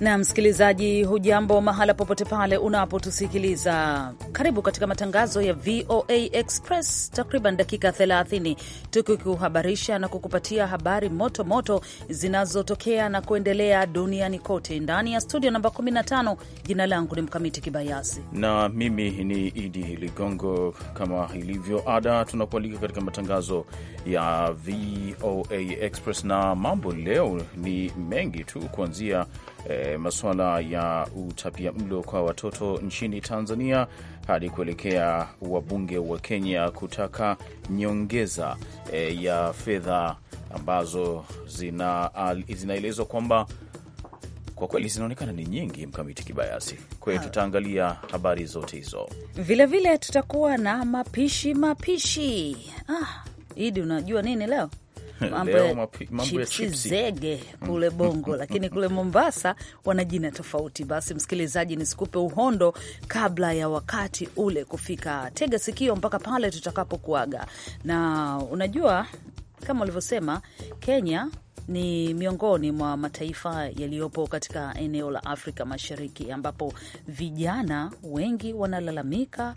na msikilizaji, hujambo mahala popote pale unapotusikiliza. Karibu katika matangazo ya VOA Express, takriban dakika 30 tukikuhabarisha na kukupatia habari moto moto zinazotokea na kuendelea duniani kote, ndani ya studio namba 15. Jina langu ni Mkamiti Kibayasi na mimi ni Idi Ligongo. Kama ilivyo ada, tunakualika katika matangazo ya VOA Express, na mambo leo ni mengi tu kuanzia e, eh, masuala ya utapia mlo kwa watoto nchini Tanzania hadi kuelekea wabunge wa Kenya kutaka nyongeza e, ya fedha ambazo zinaelezwa kwamba kwa kweli zinaonekana ni nyingi. Mkamiti Kibayasi, kwa ah. hiyo tutaangalia habari zote hizo, vilevile tutakuwa na mapishi mapishi. Ah, Idi, unajua nini leo? mambo ya chipsi zege mm. kule Bongo, lakini kule Mombasa wana jina tofauti. Basi msikilizaji, nisikupe uhondo kabla ya wakati ule kufika. Tega sikio mpaka pale tutakapokuaga, na unajua kama ulivyosema, Kenya ni miongoni mwa mataifa yaliyopo katika eneo la Afrika Mashariki ambapo vijana wengi wanalalamika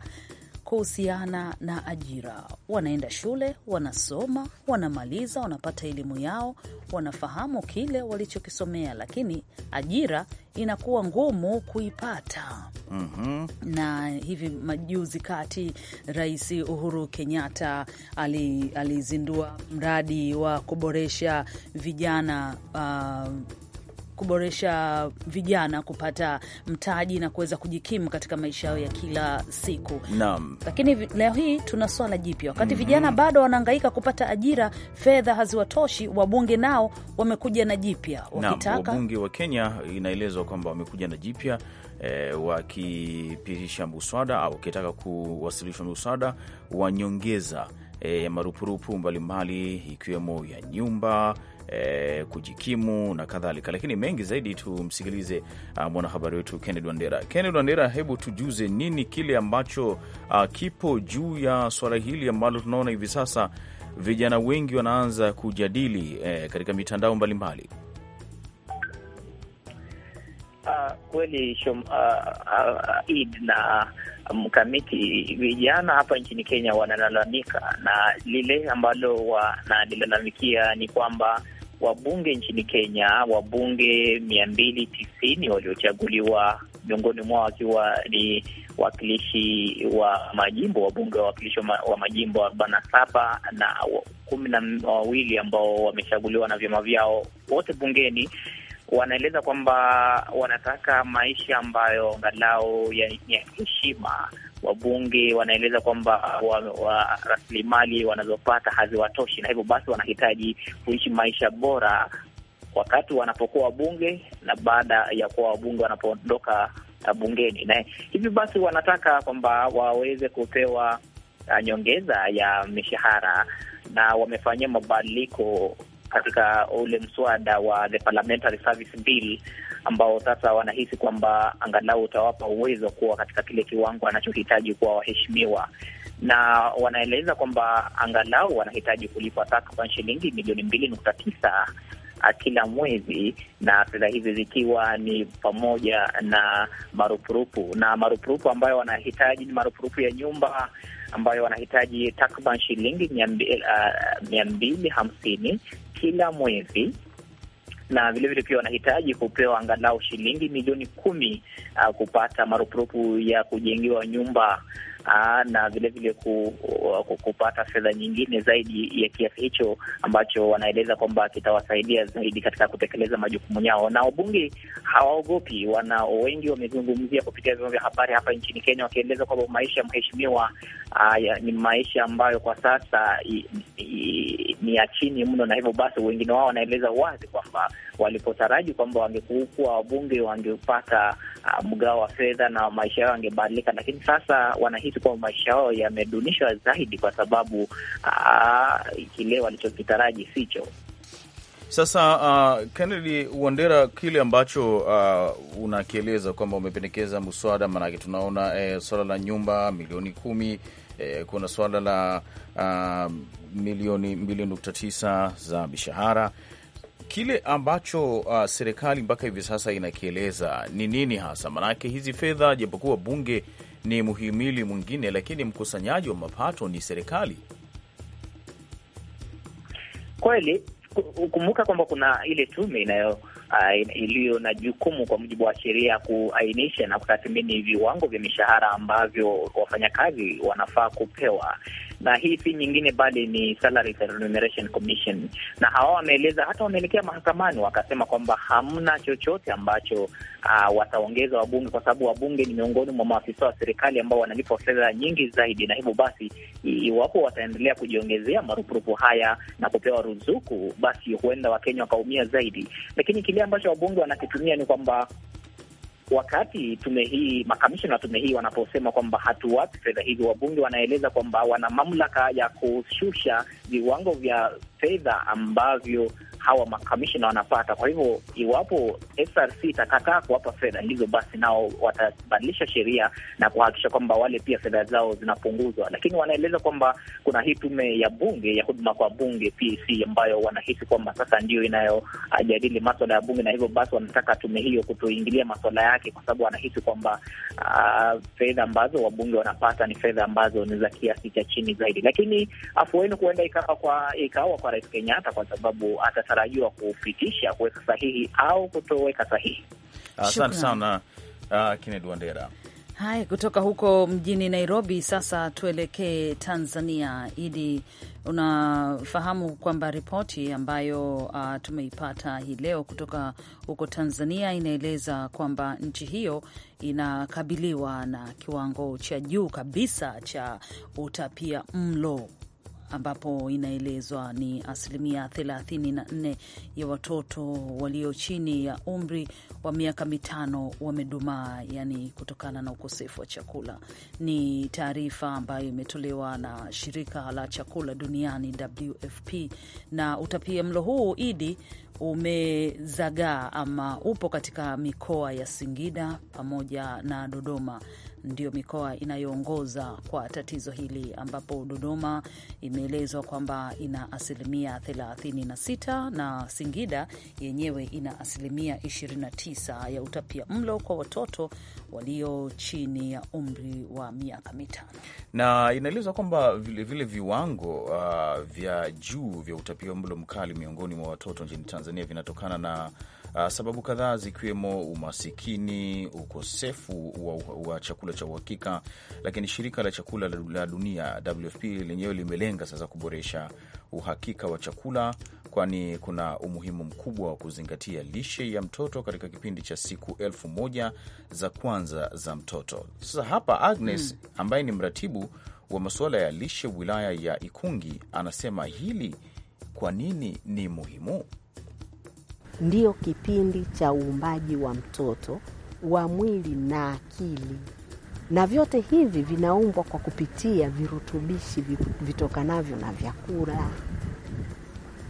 kuhusiana na ajira. Wanaenda shule, wanasoma, wanamaliza, wanapata elimu yao, wanafahamu kile walichokisomea, lakini ajira inakuwa ngumu kuipata. mm -hmm. Na hivi majuzi kati Rais Uhuru Kenyatta alizindua ali mradi wa kuboresha vijana uh, kuboresha vijana kupata mtaji na kuweza kujikimu katika maisha yao ya kila siku. Naam. Lakini leo hii tuna swala jipya wakati mm -hmm. vijana bado wanahangaika kupata ajira, fedha haziwatoshi, wabunge nao wamekuja na jipya wakitaka. Wabunge wa Kenya inaelezwa kwamba wamekuja na jipya e, wakipitisha muswada au wakitaka kuwasilishwa muswada wa nyongeza eh, ya e, marupurupu mbalimbali ikiwemo ya nyumba Eh, kujikimu na kadhalika, lakini mengi zaidi tumsikilize uh, mwanahabari wetu Kennedy Wandera. Kennedy Wandera, hebu tujuze nini kile ambacho uh, kipo juu ya swala hili ambalo tunaona hivi sasa vijana wengi wanaanza kujadili eh, katika mitandao mbalimbali ah, Kweli uh, uh, Id na mkamiti um, vijana hapa nchini Kenya wanalalamika, na lile ambalo wanalilalamikia ni kwamba wabunge nchini Kenya, wabunge mia mbili tisini waliochaguliwa, miongoni mwao wakiwa ni wakilishi wa majimbo, wabunge wa wakilishi wa majimbo arobaini na saba na kumi na wawili ambao wamechaguliwa na vyama vyao, wote bungeni wanaeleza kwamba wanataka maisha ambayo angalau ni ya heshima wabunge wanaeleza kwamba wa, wa, rasilimali wanazopata haziwatoshi, na hivyo basi wanahitaji kuishi maisha bora wakati wanapokuwa wabunge na baada ya kuwa wabunge wanapoondoka bungeni, na hivi basi wanataka kwamba waweze kupewa uh, nyongeza ya mishahara, na wamefanyia mabadiliko katika ule mswada wa the Parliamentary Service Bill ambao sasa wanahisi kwamba angalau utawapa uwezo kuwa katika kile kiwango anachohitaji kuwa waheshimiwa, na wanaeleza kwamba angalau wanahitaji kulipwa takriban shilingi milioni mbili nukta tisa ah, kila mwezi na fedha hizi zikiwa ni pamoja na marupurupu na marupurupu ambayo wanahitaji ni marupurupu ya nyumba ambayo wanahitaji takriban shilingi mia ah, mbili hamsini kila mwezi na vilevile pia wanahitaji kupewa angalau shilingi milioni kumi uh, kupata marupurupu ya kujengewa nyumba aa, ah, na vilevile ku, ku, kupata fedha nyingine zaidi ya kiasi hicho ambacho wanaeleza kwamba kitawasaidia zaidi katika kutekeleza majukumu yao. Na wabunge hawaogopi, wana wengi wamezungumzia kupitia vyombo vya habari hapa nchini Kenya wakieleza kwamba maisha ya mheshimiwa ah, ni maisha ambayo kwa sasa i, i, ni ya chini mno, na hivyo basi wengine wao wanaeleza wazi kwamba walipotaraji kwamba wangekuwa wabunge wangepata ah, mgao wa fedha na maisha yao yangebadilika, lakini sasa wanahisi wanahisi kwamba maisha yao yamedunishwa zaidi, kwa sababu ah, kile walichokitaraji sicho. Sasa uh, Kennedy Wandera, kile ambacho uh, unakieleza kwamba umependekeza mswada maanake tunaona eh, swala la nyumba milioni kumi eh, kuna swala la uh, milioni mbili nukta tisa za mishahara. Kile ambacho uh, serikali mpaka hivi sasa inakieleza ni nini hasa? Maanake hizi fedha, japokuwa bunge ni muhimili mwingine, lakini mkusanyaji wa mapato ni serikali. Kweli kumbuka kwamba kuna ile tume inayo Uh, iliyo na jukumu kwa mujibu wa sheria kuainisha na kutathmini viwango vya mishahara ambavyo wafanyakazi wanafaa kupewa, na hii si nyingine bali ni Salary Remuneration Commission, na hawa wameeleza hata wameelekea mahakamani, wakasema kwamba hamna chochote ambacho uh, wataongeza wabunge, kwa sababu wabunge ni miongoni mwa maafisa wa serikali ambao wanalipwa fedha nyingi zaidi, na hivyo basi iwapo wataendelea kujiongezea marupurupu haya na kupewa ruzuku, basi huenda Wakenya wakaumia zaidi. Lakini kile ambacho wabunge wanakitumia ni kwamba wakati tume hii makamishina wa tume hii wanaposema kwamba hatuwapi fedha hizi, wabunge wanaeleza kwamba wana mamlaka ya kushusha viwango vya fedha ambavyo hawa makamishina wanapata. Kwa hivyo iwapo SRC itakataa kuwapa fedha hizo, basi nao watabadilisha sheria na kuhakikisha kwamba wale pia fedha zao zinapunguzwa. Lakini wanaeleza kwamba kuna hii tume ya bunge ya huduma kwa bunge PC, e ambayo wanahisi kwamba sasa ndio inayojadili maswala ya bunge, na hivyo basi wanataka tume hiyo kutoingilia maswala yake, kwa sababu wanahisi kwamba uh, fedha ambazo wabunge wanapata ni fedha ambazo ni za kiasi cha chini zaidi. Lakini afueni kuenda ika kutaka kwa ikawa kwa Rais Kenyatta kwa sababu atatarajiwa kupitisha kuweka sahihi au kutoweka sahihi. Asante sana uh, Kennedy Wandera. Haya, kutoka huko mjini Nairobi sasa tuelekee Tanzania. Idi, unafahamu kwamba ripoti ambayo uh, tumeipata hii leo kutoka huko Tanzania inaeleza kwamba nchi hiyo inakabiliwa na kiwango cha juu kabisa cha utapia mlo ambapo inaelezwa ni asilimia 34 ya watoto walio chini ya umri wa miaka mitano wamedumaa, yani kutokana na ukosefu wa chakula. Ni taarifa ambayo imetolewa na shirika la chakula duniani WFP, na utapia mlo huu idi umezagaa ama upo katika mikoa ya Singida pamoja na Dodoma ndiyo mikoa inayoongoza kwa tatizo hili, ambapo Dodoma imeelezwa kwamba ina asilimia 36 na Singida yenyewe ina asilimia 29 ya utapia mlo kwa watoto walio chini ya umri wa miaka mitano, na inaelezwa kwamba vilevile viwango uh, vya juu vya utapia mlo mkali miongoni mwa watoto nchini Tanzania Tanzania vinatokana na uh, sababu kadhaa zikiwemo umasikini, ukosefu wa, wa chakula cha uhakika, lakini shirika la chakula la dunia WFP lenyewe limelenga sasa kuboresha uhakika wa chakula, kwani kuna umuhimu mkubwa wa kuzingatia lishe ya mtoto katika kipindi cha siku elfu moja za kwanza za mtoto. Sasa hapa Agnes hmm. ambaye ni mratibu wa masuala ya lishe wilaya ya Ikungi anasema hili kwa nini ni muhimu ndio kipindi cha uumbaji wa mtoto wa mwili na akili, na vyote hivi vinaumbwa kwa kupitia virutubishi vitokanavyo na vyakula.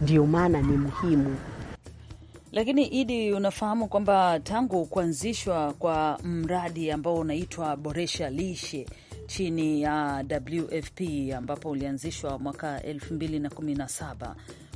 Ndio maana ni muhimu. Lakini Idi, unafahamu kwamba tangu kuanzishwa kwa mradi ambao unaitwa Boresha Lishe chini ya WFP ambapo ulianzishwa mwaka 2017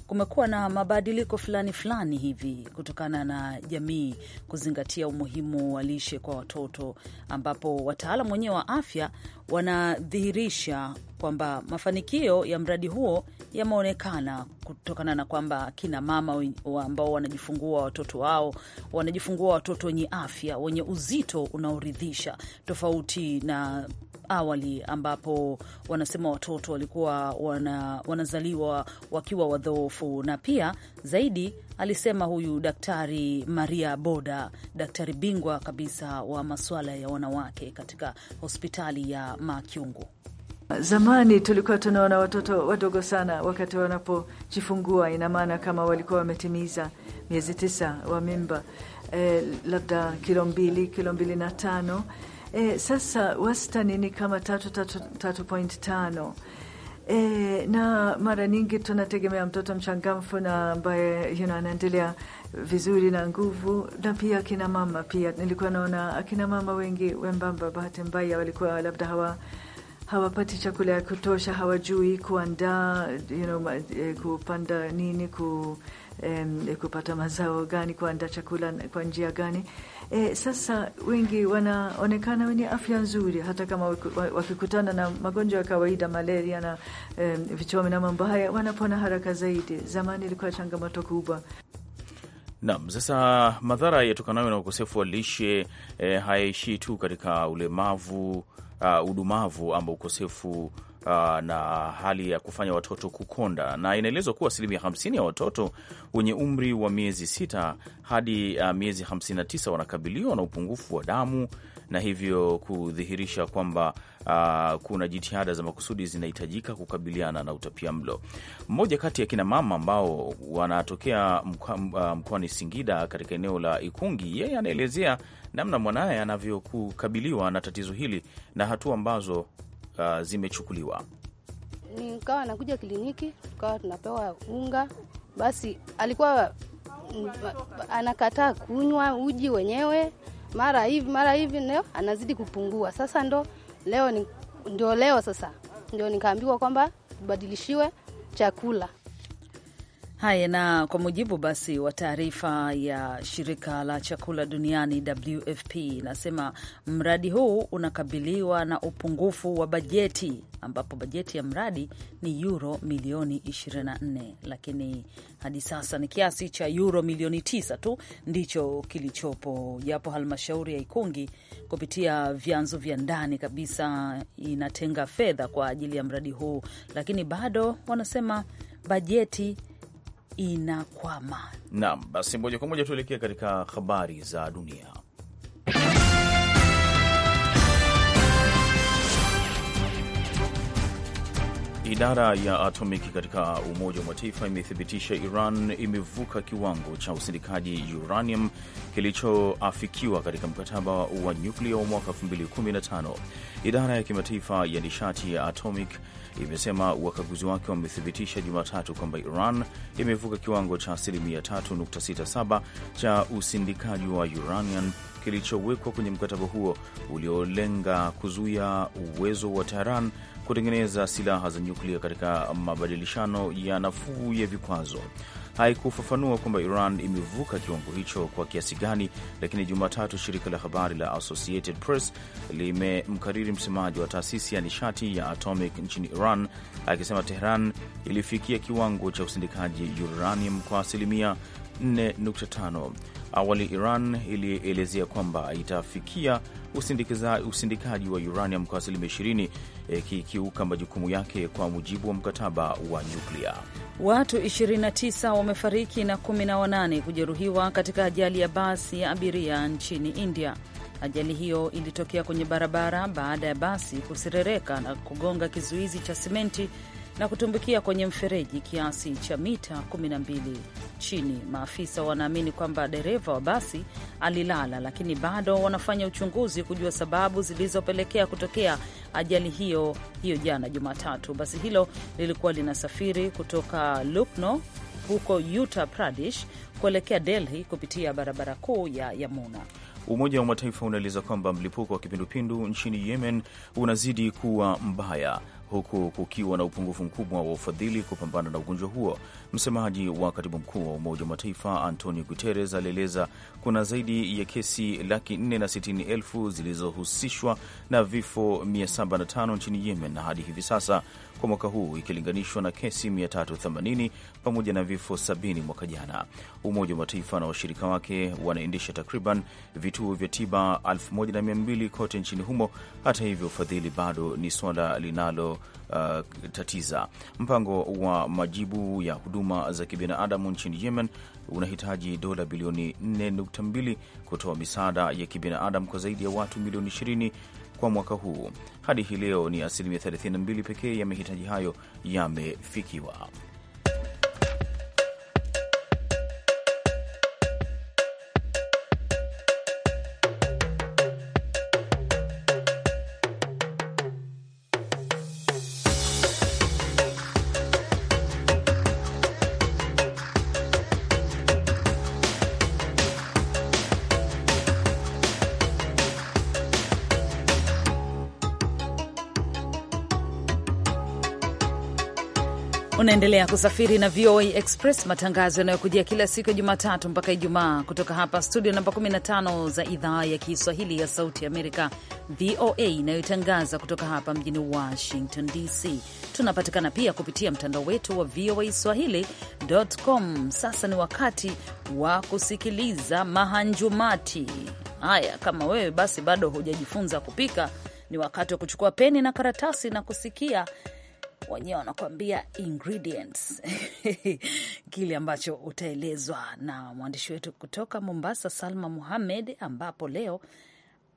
kumekuwa na mabadiliko fulani fulani hivi kutokana na jamii kuzingatia umuhimu wa lishe kwa watoto, ambapo wataalam wenyewe wa afya wanadhihirisha kwamba mafanikio ya mradi huo yameonekana kutokana na kwamba kina mama ambao wanajifungua watoto wao wanajifungua watoto wenye afya, wenye uzito unaoridhisha, tofauti na awali ambapo wanasema watoto walikuwa wana, wanazaliwa wakiwa wadhoofu, na pia zaidi alisema huyu Daktari Maria Boda, daktari bingwa kabisa wa masuala ya wanawake katika hospitali ya Makyungu. Zamani tulikuwa tunaona watoto wadogo sana wakati wanapojifungua, ina maana kama walikuwa wametimiza miezi tisa wa mimba, eh, labda kilo mbili, kilo mbili na tano E, sasa wastani ni kama tatu, tatu, tatu point tano. E, na mara nyingi tunategemea mtoto mchangamfu na ambaye you know, anaendelea vizuri na nguvu, na pia akina mama pia nilikuwa naona akina mama wengi wembamba, bahati mbaya walikuwa labda hawa hawapati chakula ya kutosha, hawajui kuandaa you know, eh, kupanda nini ku, um, kupata mazao gani, kuandaa chakula kwa njia gani E, sasa wengi wanaonekana wenye afya nzuri hata kama wakikutana na magonjwa ya kawaida malaria na e, vichomi na mambo haya wanapona haraka zaidi. Zamani ilikuwa changamoto kubwa. Naam, sasa madhara yatokanayo na ukosefu wa lishe e, hayaishii tu katika ulemavu, uh, udumavu ama ukosefu uh, na hali ya kufanya watoto kukonda, na inaelezwa kuwa asilimia 50 ya watoto wenye umri wa miezi 6 hadi uh, miezi 59 wanakabiliwa na upungufu wa damu na hivyo kudhihirisha kwamba uh, kuna jitihada za makusudi zinahitajika kukabiliana na utapia mlo. Mmoja kati ya kinamama ambao wanatokea uh, mkoani Singida katika eneo la Ikungi, yeye anaelezea namna mwanaye anavyokukabiliwa na tatizo hili na hatua ambazo uh, zimechukuliwa? Nikawa nakuja kliniki, tukawa tunapewa unga, basi alikuwa mm, anakataa kunywa uji wenyewe, mara hivi mara hivi, ndio anazidi kupungua. Sasa ndo leo ndio leo sasa ndio nikaambiwa kwamba tubadilishiwe chakula Haya, na kwa mujibu basi wa taarifa ya shirika la chakula duniani WFP inasema mradi huu unakabiliwa na upungufu wa bajeti, ambapo bajeti ya mradi ni euro milioni 24, lakini hadi sasa ni kiasi cha yuro milioni 9 tu ndicho kilichopo, japo halmashauri ya Ikungi kupitia vyanzo vya ndani kabisa inatenga fedha kwa ajili ya mradi huu, lakini bado wanasema bajeti inakwama. Naam, basi moja kwa moja tuelekee katika habari za dunia. Idara ya atomiki katika Umoja wa Mataifa imethibitisha Iran imevuka kiwango cha usindikaji uranium kilichoafikiwa katika mkataba wa nyuklia wa mwaka 2015. Idara ya kimataifa ya nishati ya atomic imesema wakaguzi wake wamethibitisha Jumatatu kwamba Iran imevuka kiwango cha asilimia 3.67 cha usindikaji wa uranium kilichowekwa kwenye mkataba huo uliolenga kuzuia uwezo wa Tehran kutengeneza silaha za nyuklia katika mabadilishano ya nafuu ya vikwazo. Haikufafanua kwamba Iran imevuka kiwango hicho kwa kiasi gani, lakini Jumatatu shirika la habari la Associated Press limemkariri msemaji wa taasisi ya nishati ya atomic nchini Iran akisema Tehran ilifikia kiwango cha usindikaji uranium kwa asilimia 4.5. Awali Iran ilielezea kwamba itafikia usindikaji wa uranium kwa asilimia ishirini e, kikiuka majukumu yake kwa mujibu wa mkataba wa nyuklia. Watu 29 wamefariki na 18 kujeruhiwa katika ajali ya basi ya abiria nchini India. Ajali hiyo ilitokea kwenye barabara baada ya basi kuserereka na kugonga kizuizi cha simenti na kutumbukia kwenye mfereji kiasi cha mita 12 chini. Maafisa wanaamini kwamba dereva wa basi alilala, lakini bado wanafanya uchunguzi kujua sababu zilizopelekea kutokea ajali hiyo hiyo jana Jumatatu. Basi hilo lilikuwa linasafiri kutoka Lucknow huko Uttar Pradesh kuelekea Delhi kupitia barabara kuu ya Yamuna. Umoja wa Mataifa unaeleza kwamba mlipuko wa kipindupindu nchini Yemen unazidi kuwa mbaya huku kukiwa na upungufu mkubwa wa ufadhili kupambana na ugonjwa huo. Msemaji wa katibu mkuu wa Umoja wa Mataifa Antonio Guterres alieleza kuna zaidi ya kesi laki 4 na sitini elfu zilizohusishwa na vifo 705 nchini Yemen na hadi hivi sasa kwa mwaka huu ikilinganishwa na kesi 380 pamoja na vifo 70 mwaka jana. Umoja wa Mataifa na washirika wake wanaendesha takriban vituo vya tiba 1200 kote nchini humo. Hata hivyo, ufadhili bado ni swala linalo uh, tatiza. Mpango wa majibu ya huduma za kibinadamu nchini Yemen unahitaji dola bilioni 4.2 kutoa misaada ya kibinadamu kwa zaidi ya watu milioni 20 kwa mwaka huu. Hadi hii leo ni asilimia 32 pekee ya mahitaji hayo yamefikiwa. Unaendelea kusafiri na VOA Express, matangazo yanayokujia kila siku ya Jumatatu mpaka Ijumaa kutoka hapa studio namba 15 za idhaa ya Kiswahili ya Sauti Amerika, VOA inayotangaza kutoka hapa mjini Washington DC. Tunapatikana pia kupitia mtandao wetu wa VOA Swahili.com. Sasa ni wakati wa kusikiliza mahanjumati haya. Kama wewe basi bado hujajifunza kupika, ni wakati wa kuchukua peni na karatasi na kusikia wenyewe wanakuambia ingredients kile ambacho utaelezwa na mwandishi wetu kutoka Mombasa, Salma Muhamed, ambapo leo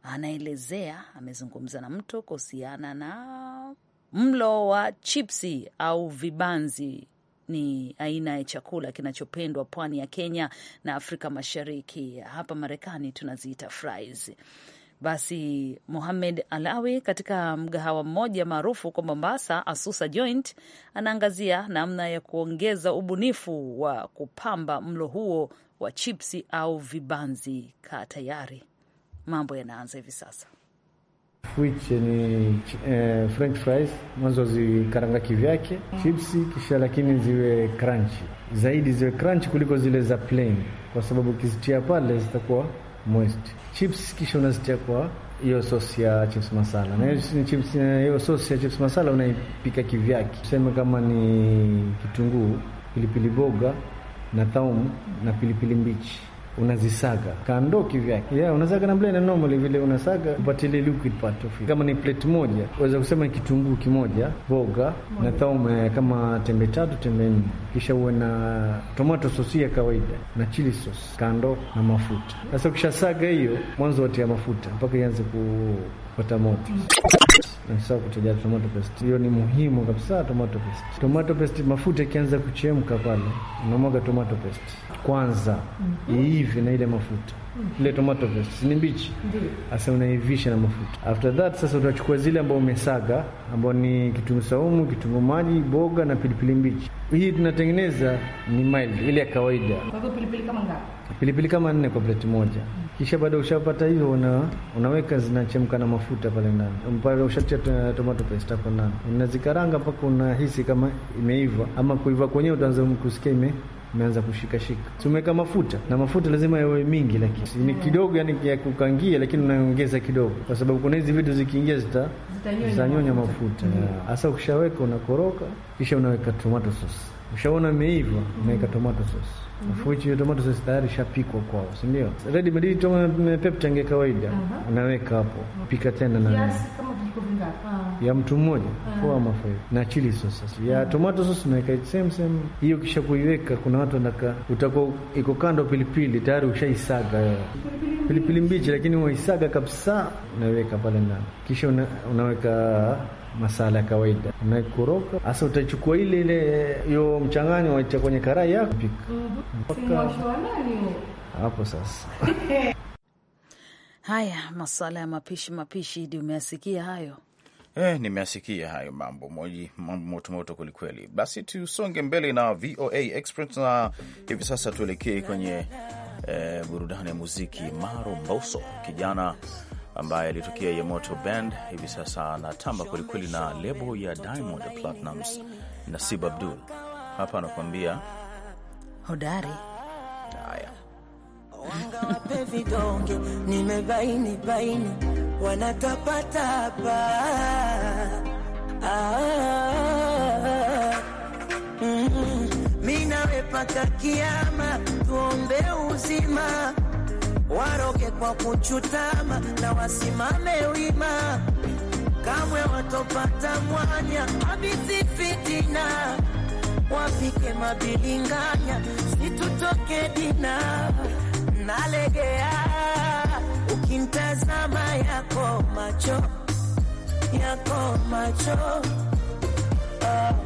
anaelezea, amezungumza na mtu kuhusiana na mlo wa chipsi au vibanzi ni aina ya chakula kinachopendwa pwani ya Kenya na Afrika Mashariki. Hapa Marekani tunaziita fries. Basi Mohamed Alawi katika mgahawa mmoja maarufu kwa Mombasa, Asusa Joint, anaangazia namna ya kuongeza ubunifu wa kupamba mlo huo wa chipsi au vibanzi. Ka tayari, mambo yanaanza hivi sasa. Which ni eh, french fries mwanzo zikaranga kivyake mm. Chipsi kisha lakini ziwe crunchy zaidi, ziwe crunchy kuliko zile za plain, kwa sababu ukizitia pale zitakuwa moist. Chips kisha unazitia kwa hiyo sosi ya chips masala, na hiyo sosi ya chips masala unaipika kivyake, tuseme kama ni kitunguu, pilipili boga na thaumu na pilipili mbichi unazisaga kando kivyake, yeah, unasaga na blender normally vile unasaga upate ile liquid part of it. Kama ni plate moja, unaweza kusema ni kitunguu kimoja, boga na thaume eh, kama tembe tatu tembe nne, kisha uwe na tomato sauce ya kawaida na chili sauce kando na mafuta. Sasa ukishasaga hiyo, mwanzo watia mafuta mpaka ianze kupata moto nasahau kutajia tomato paste. Hiyo ni muhimu kabisa, tomato paste. Tomato paste, mafuta ikianza kuchemka pale, unamwaga tomato paste kwanza, mm -hmm. iive na ile mafuta ile tomato paste ni mbichi, sasa unaivisha na mafuta. After that sasa utachukua zile ambao umesaga ambao ni kitunguu saumu, kitunguu maji, boga na pilipili mbichi. Hii tunatengeneza ni mild, ile ya kawaida. Kwa hivyo pilipili kama ngapi? Pilipili kama nne kwa plate moja. Kisha baada ushapata hiyo una, unaweka zinachemka na mafuta pale ndani, mpaka ushatia tomato paste hapo ndani, unazikaranga mpaka unahisi kama imeiva ama kuiva kwenyewe, utaanza kusikia ime imeanza kushikashika. Tumeweka mafuta na mafuta lazima yawe mingi, lakini ni kidogo, yani ya kukangia, lakini unaongeza kidogo, kwa sababu kuna hizi vitu zikiingia zita zitanyonya mafuta mm. hasa. Ukishaweka unakoroka, kisha unaweka tomato sauce Ushaona meiva, unaweka mm tomato sauce mm -hmm. Fuchi ya tomato sauce tayari shapikwa kwao, si ndio? Ready made tomato na peptang ya kawaida uh -huh. Unaweka hapo mhm. Pika tena na yes, kama vijiko vingapi ah. ya mtu mmoja uh -huh. Ama na chili sauce ya uh ah. -huh. Tomato sauce unaweka same same hiyo, kisha kuiweka. Kuna watu wanataka utakuwa iko kando pilipili tayari ushaisaga wewe pilipili mbichi, lakini waisaga kabisa, unaweka pale ndani, kisha una, unaweka uh -huh masala ya kawaida unaikoroga hasa, utachukua ile ile hiyo mchanganyo waita kwenye karai yako pika mm-hmm. mpaka hapo sasa. Haya masala ya mapishi mapishi, ndio umeasikia hayo. Eh, nimeasikia hayo mambo moji, mambo motomoto kwelikweli. Basi tusonge mbele na VOA Express na hivi sasa tuelekee kwenye eh, burudani ya muziki. Maro Mboso kijana ambaye alitokea Yamoto Band, hivi sasa anatamba kwelikweli na lebo ya Diamond Platnumz. Nasib Abdul hapa anakuambia hodari. Haya, wangawape vidonge, nimebaini baini, wanatapatapa ah, mm-hmm. mi nawe kiama, tuombe uzima waroke kwa kuchutama na wasimame wima, kamwe watopata mwanya abisi fitina, wapike mabilinganya situtoke dina nalegea ukintazama yako macho yako macho uh,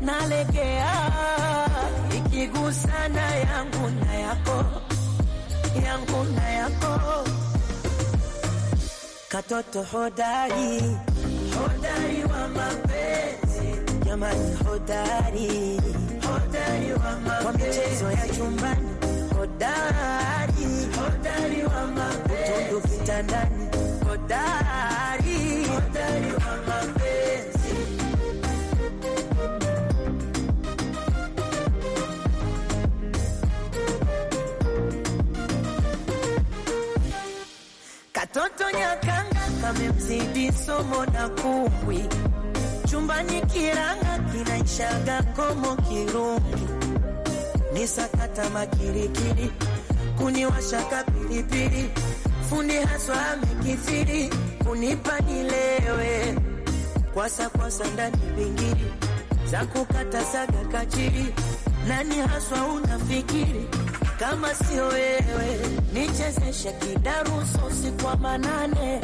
nalegea ikigusana yangu na yako yangu na yako, katoto hodari, hodari wa mapenzi, jamani, hodari, hodari wa mapenzi, kwa michezo ya chumbani, hodari, hodari wa mapenzi, utundu kitandani, hodari, hodari wa mapenzi kanyakanga kamemzidi somo na kumbwi chumbani kiranga kinaishaga komo kirungi sakata makirikiri kuniwashaka pilipili fundi haswa amekifiri kunipa nilewe kwasa kwasa ndani bingiri za kukata saga kachiri nani haswa unafikiri kama sio wewe nichezeshe kidaruso siku manane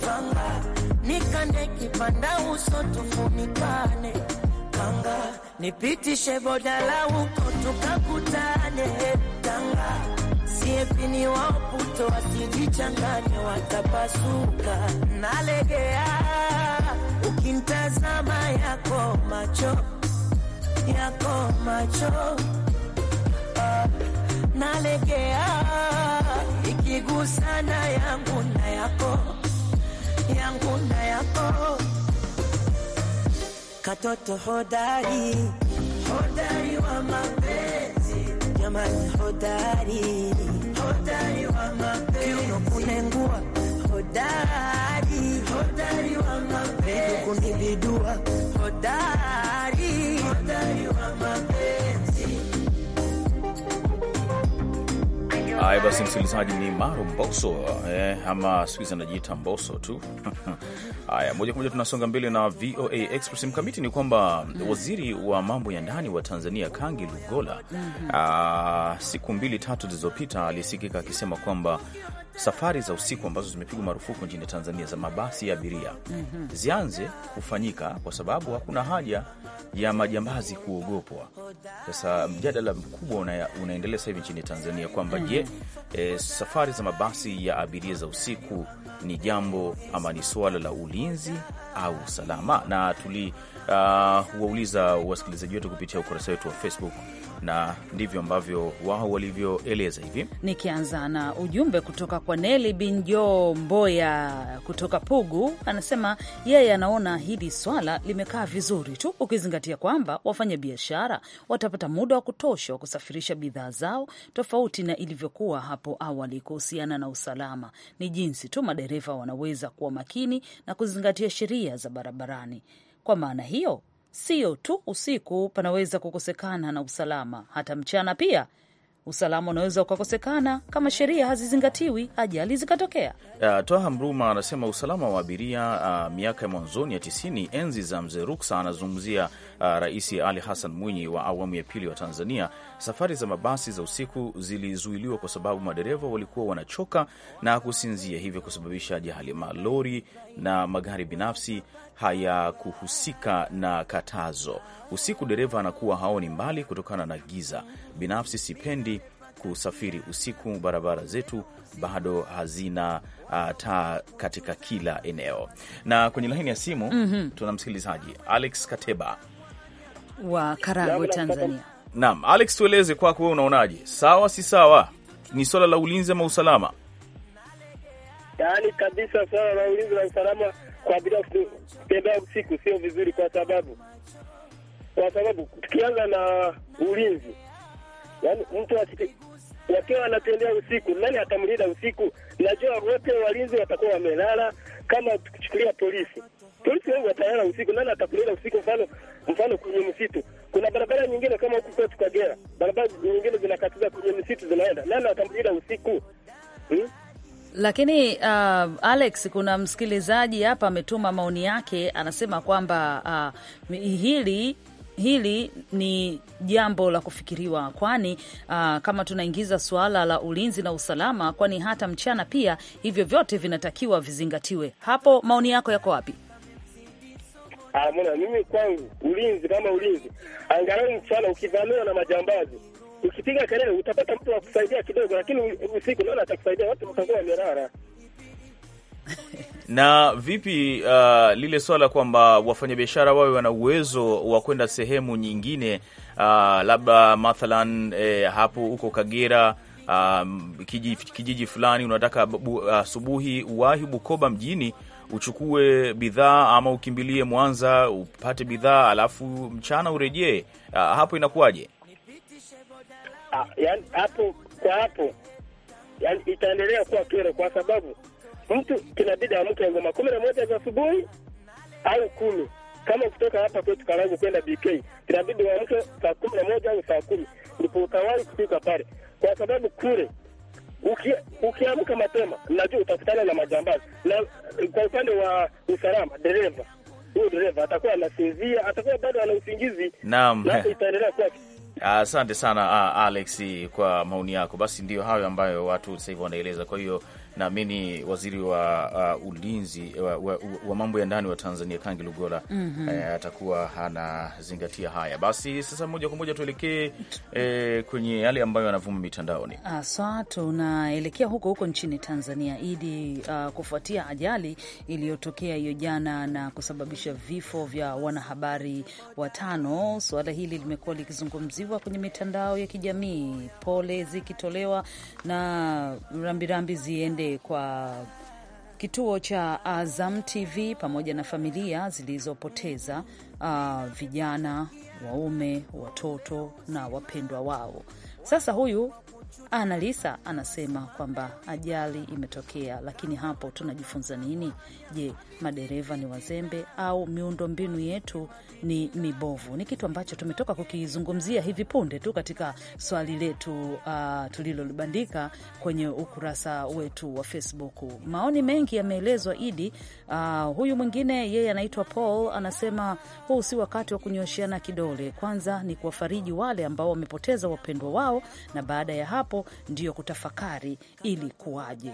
fanga nikande kipanda uso tufunikane kanga nipitishe la uko tukakutane tanga siepini waoputo wasijichanganye watapasuka nalegea ukintazama yako macho yako macho nalegea, ikigusana yangu na yako, yangu na yako, katoto hodari, hodari wa mapenzi jamani, hodari, hodari wa mapenzi kiuno kunengua, hodari, hodari wa mapenzi kunibidua, hodari, hodari wa mapenzi Haya basi, msikilizaji, ni Maro Mboso eh, ama siku hizi anajiita Mboso tu. Haya, moja kwa moja tunasonga mbele na VOA Express. Mkamiti ni kwamba mm. waziri wa mambo ya ndani wa Tanzania Kangi Lugola mm -hmm. a, ah, siku mbili tatu zilizopita alisikika akisema kwamba safari za usiku ambazo zimepigwa marufuku nchini Tanzania za mabasi ya abiria mm -hmm. zianze kufanyika kwa sababu hakuna haja ya majambazi kuogopwa. Sasa mjadala mkubwa una, unaendelea sasa hivi nchini Tanzania kwamba mhm. je, mm -hmm. eh, safari za mabasi ya abiria za usiku ni jambo ama ni suala la ulinzi au usalama, na tuliwauliza ah, uh, wasikilizaji wetu kupitia ukurasa wetu wa Facebook na ndivyo ambavyo wao walivyoeleza hivi. Nikianza na ujumbe kutoka kwa Neli Binjo Mboya kutoka Pugu, anasema yeye anaona hili swala limekaa vizuri tu, ukizingatia kwamba wafanya biashara watapata muda wa kutosha wa kusafirisha bidhaa zao, tofauti na ilivyokuwa hapo awali. Kuhusiana na usalama, ni jinsi tu madereva wanaweza kuwa makini na kuzingatia sheria za barabarani. Kwa maana hiyo sio tu usiku panaweza kukosekana na usalama, hata mchana pia usalama unaweza ukakosekana kama sheria hazizingatiwi, ajali zikatokea. Uh, Twaha Mruma anasema usalama wa abiria uh, miaka ya mwanzoni ya tisini, enzi za mzee Ruksa. Anazungumzia uh, Rais Ali Hassan Mwinyi wa awamu ya pili wa Tanzania. Safari za mabasi za usiku zilizuiliwa kwa sababu madereva walikuwa wanachoka na kusinzia, hivyo kusababisha ajali. Malori na magari binafsi hayakuhusika na katazo. Usiku dereva anakuwa haoni mbali kutokana na giza. Binafsi sipendi kusafiri usiku, barabara zetu bado hazina uh, taa katika kila eneo. Na kwenye laini ya simu mm -hmm. tuna msikilizaji Alex Kateba wa Karagwe, Tanzania. Naam, Alex, tueleze kwako, wewe unaonaje, sawa si sawa, ni swala la ulinzi ama usalama? Yaani kabisa swala la ulinzi na usalama kwa bila kutembea usiku sio vizuri, kwa sababu kwa sababu tukianza na ulinzi, yani mtu wakiwa anatembea usiku, nani atamlinda usiku? Najua wote walinzi watakuwa wamelala. Kama tukichukulia polisi, polisi wengi watalala usiku, nani atakulinda usiku? Mfano, mfano kwenye msitu kuna barabara nyingine kama huku kwetu Kagera, barabara nyingine zinakatiza kwenye msitu zinaenda, nani atamlinda usiku hmm? Lakini uh, Alex, kuna msikilizaji hapa ametuma maoni yake, anasema kwamba uh, hili hili ni jambo la kufikiriwa, kwani uh, kama tunaingiza suala la ulinzi na usalama, kwani hata mchana pia hivyo vyote vinatakiwa vizingatiwe. Hapo maoni yako yako wapi? Ah, mimi kwangu ulinzi kama ulinzi, angalau mchana ukivamiwa na majambazi ukipiga kelele utapata mtu akusaidia kidogo, lakini usiku naona atakusaidia, watu watakuwa wamelala. na vipi, uh, lile swala kwamba wafanyabiashara wawe wana uwezo wa kwenda sehemu nyingine, uh, labda mathalan, eh, hapo huko Kagera um, kijiji, kijiji fulani unataka asubuhi uh, uwahi Bukoba mjini uchukue bidhaa ama ukimbilie Mwanza upate bidhaa alafu mchana urejee, uh, hapo inakuwaje? Ah, yani hapo kwa hapo yani itaendelea kuwa kero, kwa sababu mtu kinabidi amke ngoma kumi na moja za asubuhi au kumi kama kutoka hapa kwetu Karangu kwenda BK inabidi waamke saa kumi na moja au saa kumi ndipo utawahi kufika pale, kwa sababu kule ukiamka uki mapema, najua utakutana na majambazi. Na kwa upande wa usalama, dereva huyo dereva atakuwa anasinzia, atakuwa bado ana usingizi. Naam, na itaendelea kuwa Asante sana ah, Alex kwa maoni yako. Basi ndio hayo ambayo watu sasa hivi wanaeleza, kwa hiyo naamini waziri wa uh, ulinzi wa, wa, wa mambo ya ndani wa Tanzania Kangi Lugola mm -hmm. eh, atakuwa anazingatia haya. Basi sasa moja kwa moja tuelekee eh, kwenye yale ambayo anavuma mitandaoni aswa Tunaelekea huko huko nchini Tanzania idi uh, kufuatia ajali iliyotokea hiyo jana na kusababisha vifo vya wanahabari watano, suala hili limekuwa likizungumziwa kwenye mitandao ya kijamii, pole zikitolewa na rambirambi ziende pole kwa kituo cha Azam TV pamoja na familia zilizopoteza uh, vijana, waume, watoto na wapendwa wao. Sasa huyu Analisa anasema kwamba ajali imetokea, lakini hapo tunajifunza nini? Je, madereva ni wazembe au miundombinu yetu ni mibovu? Ni kitu ambacho tumetoka kukizungumzia hivi punde tu katika swali letu uh, tulilolibandika kwenye ukurasa wetu wa Facebook. Maoni mengi yameelezwa Idi. Uh, huyu mwingine yeye anaitwa Paul anasema huu si wakati wa kunyosheana kidole, kwanza ni kuwafariji wale ambao wamepoteza wapendwa wao, na baada ya hapo hapo ndio kutafakari ili kuwaje.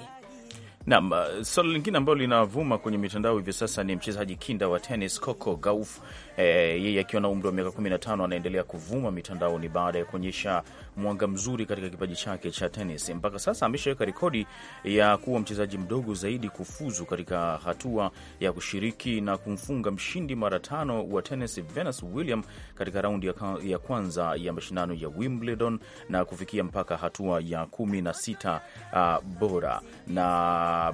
Naam, uh, swala lingine ambalo linavuma kwenye mitandao hivi sasa ni mchezaji kinda wa tenis Coco Gauff Eh, yeye akiwa na umri wa miaka 15 anaendelea kuvuma mitandaoni baada ya kuonyesha mwanga mzuri katika kipaji chake cha tenis. Mpaka sasa ameshaweka rekodi ya kuwa mchezaji mdogo zaidi kufuzu katika hatua ya kushiriki na kumfunga mshindi mara tano wa tenis Venus William katika raundi ya kwanza ya mashindano ya Wimbledon na kufikia mpaka hatua ya 16 uh, ah, bora. Na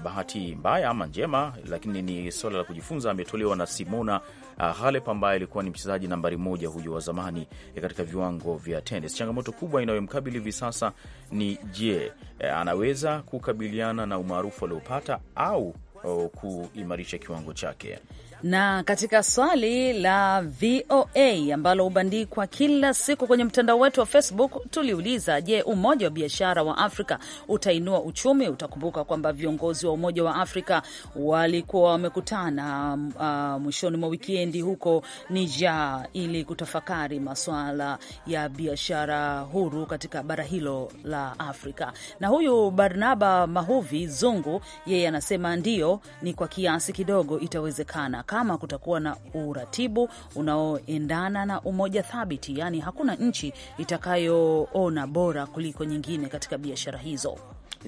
bahati mbaya ama njema, lakini ni swala la kujifunza, ametolewa na Simona Ah, Halep ambaye alikuwa ni mchezaji nambari moja huyu wa zamani eh, katika viwango vya tenis. Changamoto kubwa inayomkabili hivi sasa ni je, eh, anaweza kukabiliana na umaarufu aliopata au oh, kuimarisha kiwango chake? na katika swali la VOA ambalo hubandikwa kila siku kwenye mtandao wetu wa Facebook tuliuliza, je, umoja wa biashara wa Afrika utainua uchumi? Utakumbuka kwamba viongozi wa Umoja wa Afrika walikuwa wamekutana uh, mwishoni mwa wikendi huko Niger ili kutafakari masuala ya biashara huru katika bara hilo la Afrika. Na huyu Barnaba Mahuvi Zungu yeye anasema ndiyo, ni kwa kiasi kidogo itawezekana kama kutakuwa na uratibu unaoendana na umoja thabiti, yaani hakuna nchi itakayoona bora kuliko nyingine katika biashara hizo.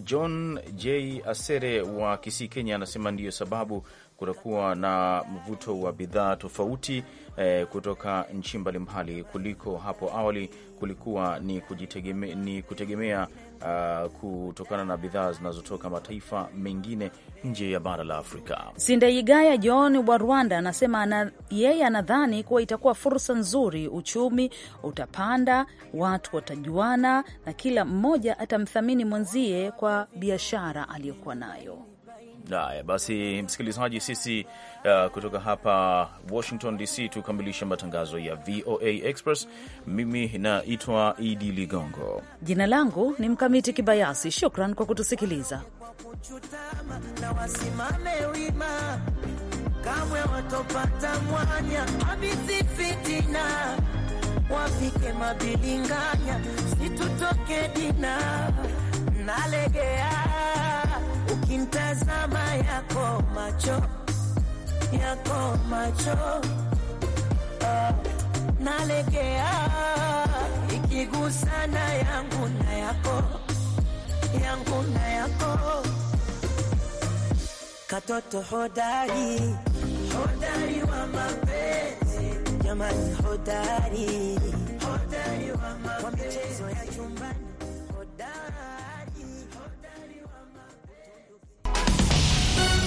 John J Asere wa Kisii, Kenya, anasema ndiyo sababu kutakuwa na mvuto wa bidhaa tofauti eh, kutoka nchi mbalimbali kuliko hapo awali kulikuwa ni, kujitegeme, ni kutegemea uh, kutokana na bidhaa zinazotoka mataifa mengine nje ya bara la Afrika. sindaigaya John wa Rwanda anasema ana, yeye anadhani kuwa itakuwa fursa nzuri, uchumi utapanda, watu watajuana na kila mmoja atamthamini mwenzie kwa biashara aliyokuwa nayo. Haya basi, msikilizaji, sisi uh, kutoka hapa Washington DC tukamilishe matangazo ya VOA Express. Mimi naitwa Idi Ligongo, jina langu ni Mkamiti Kibayasi. Shukran kwa kutusikiliza. Kamwe watopata mwanya fitina, mabilinganya, situtoke dina nalegea Ukimtazama yako macho yako macho uh, nalegea ikigusana yangu na yako yangu na yako katoto hodari hodari wa mapenzi jamani hodari hodari wa mapenzi ya chumbani